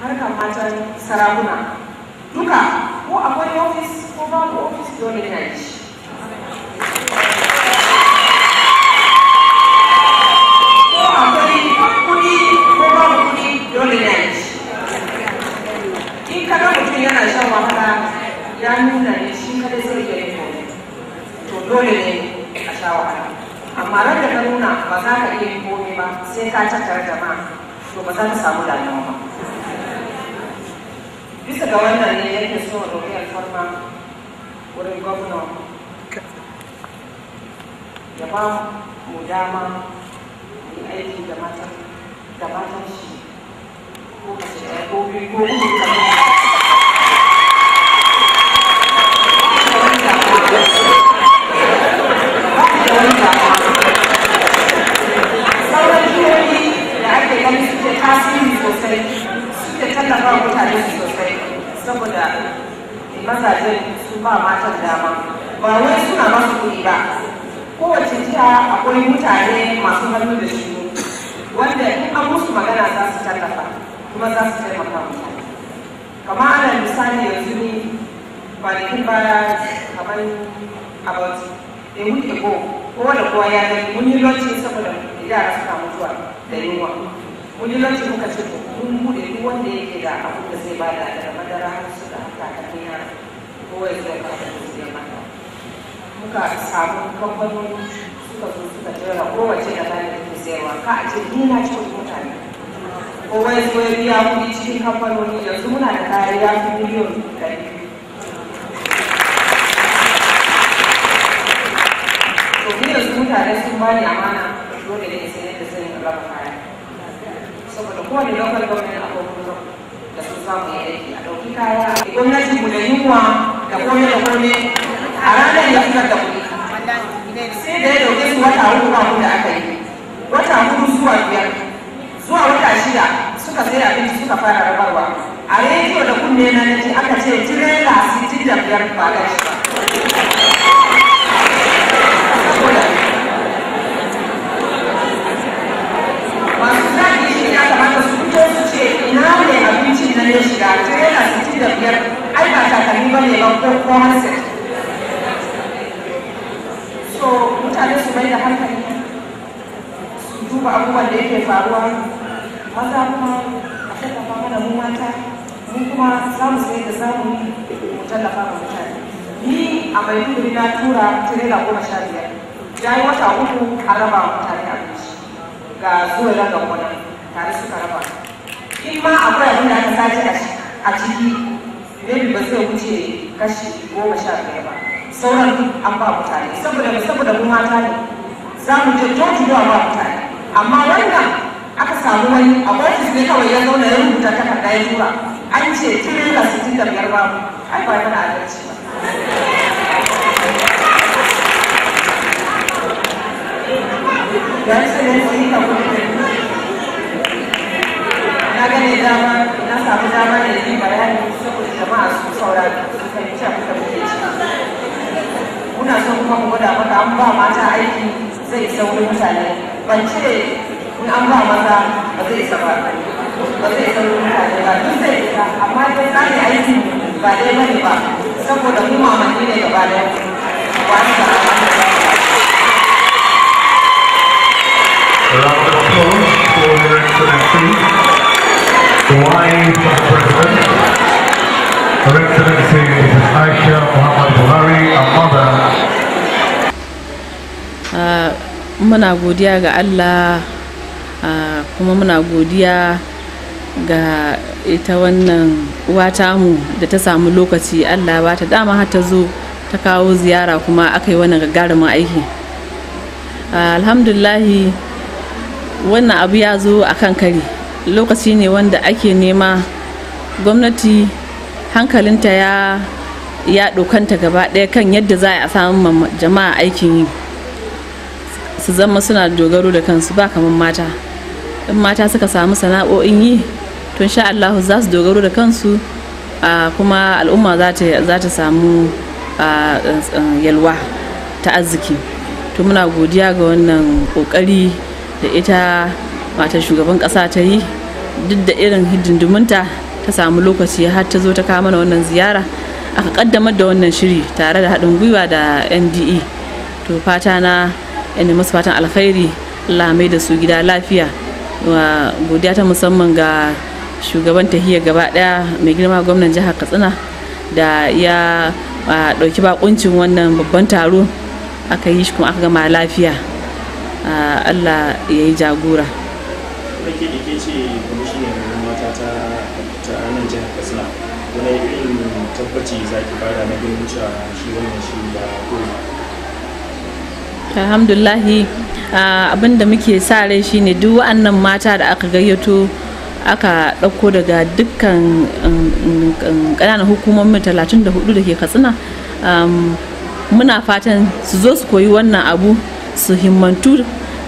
harkar matan sarakuna duka ko akwai ofis ko babu ofis dole na shi ko akwai kuɗi ko babu kuɗi dole na shi in mutum yana shan wahala ya amma nuna ba za ka iya yin ba sai ka tattara jama'a ba za ka samu damuwa ba ga wannan ne yake so a roƙi alfarma wurin gwamna ya ba mu dama mu aiki da matan ko ka ko Thank you. saboda mazajen su ba matan dama ba wai suna masu kuɗi ba kowace jiha akwai mutane masu hannu da shi wanda in an musu magana za su tallafa kuma za su taimaka mutane kama ana misali yanzu da kwanakin baya kamar about a week ago kowa da kowa ya gani mun yi lokaci saboda yara suka mutuwa da yunwa wani lokaci muka ce to mun bude duk wanda yake da abu da zai bada da madara har su da haka ta ko wai zai bada da zai mata muka samu kamfanoni suka zo suka jera kowace da bayan da zaiwa ka a ce ni na cikin mutane kowai zo ya biya kuɗi cikin kamfanoni yanzu muna da kaya ya fi miliyon ɗari to ni yanzu mutane sun bani amana dole ne sai yadda zan raba kaya saboda kowane da samu aiki a gwamnati mu da da a ranar ya da kuɗi sai su wata da aka yi wata zuwa zuwa wata shida suka sai abinci suka fara a rediyo da kunne na naji aka ce tirela sittin da biyar ba gashi ba performance so mutane su mai da hankali su duba abubuwan da yake faruwa maza kuma a fama mana mu mata mu kuma za mu sai da samu mu tallafa ma mutane ni a maiduguri na tura tirela goma sha biyar ya yi wata uku a raba mutane abinci ga zuwa ga gona tare suka raba in ma akwai abin da aka sace a ciki maybe ba zai wuce kashi goma sha biyar ba sauran an ba mutane saboda saboda mu mata ne za mu je toki yawa ba mutane amma wannan aka samu wani a ofis ne kawai ya zauna ya rubuta takarda ya tura an ce tirela sitin da biyar babu ai ba tana adalci ba Gracias, Señor, por esta oportunidad. Hágale la mano. samu dama da yi bayani saboda jama'a su saurari su fahimci abin da muke ci muna son kuma mu gwada maka an ba mata aiki zai saurin mutane ban ce in an ba maza ba zai saba ba zai saurin mutane ba duk zai fita amma dai tsari aiki ba dai bane ba saboda mu mamaki ne gaba daya wani ba Round of applause for her excellent Uh, muna godiya ga Allah uh, kuma muna godiya ga ita wannan uwa mu da ta samu lokaci Allah ba ta dama har ta zo ta kawo ziyara kuma aka yi wani gagarumin aiki. Uh, Alhamdulahi wannan abu ya zo a kan kari. lokaci ne wanda ake nema gwamnati hankalinta ya ya dokanta gaba ɗaya kan yadda za a samu jama'a aikin yi su zama suna dogaro da kansu ba kamar mata in mata suka samu sana'o'in yi to sha Allah za su dogaro da kansu kuma al'umma za ta samu yalwa ta arziki to muna godiya ga wannan kokari da ita matar shugaban kasa ta yi duk da irin hidindimunta ta samu lokaci har ta zo ta kawo mana wannan ziyara aka kaddamar da wannan shiri tare da haɗin gwiwa da nde to fata na yana masu fatan alkhairi lamai da su gida lafiya wa godiya ta musamman ga shugaban tahiya gaba daya mai girma gwamnan jihar katsina da ya ɗauki bakuncin wannan babban taro aka yi shi kuma aka gama lafiya allah ya yi jagora kuma da ke ce kuma shi ne mata ta ta nan jihar katsina wani irin tabbaci za ki bada na ganin cewa shi wannan shi ya koma alhamdulahi abin da muke sa rai shine duk wa'annan mata da aka gayyato aka ɗauko daga dukkan um, um, um, ƙananan hukumomin 34 da ke katsina muna fatan su zo su koyi wannan abu su himmantu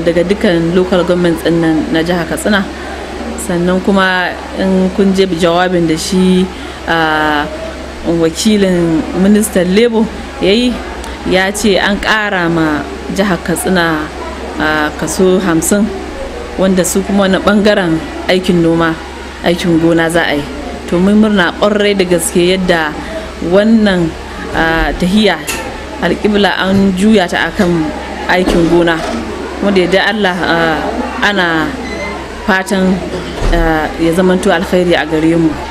daga dukkan local government nan na jihar katsina sannan kuma in kun je jawabin da shi a wakilin ministan lebo ya yi ya ce an kara ma jihar katsina kaso hamsin wanda su kuma na ɓangaren aikin noma aikin gona za a yi to mun murna ƙwarai da gaske yadda wannan tahiya alƙibla an juya ta akan aikin gona kuma da Allah ah, ana fatan ah, ya zamanto alkhairi a gare mu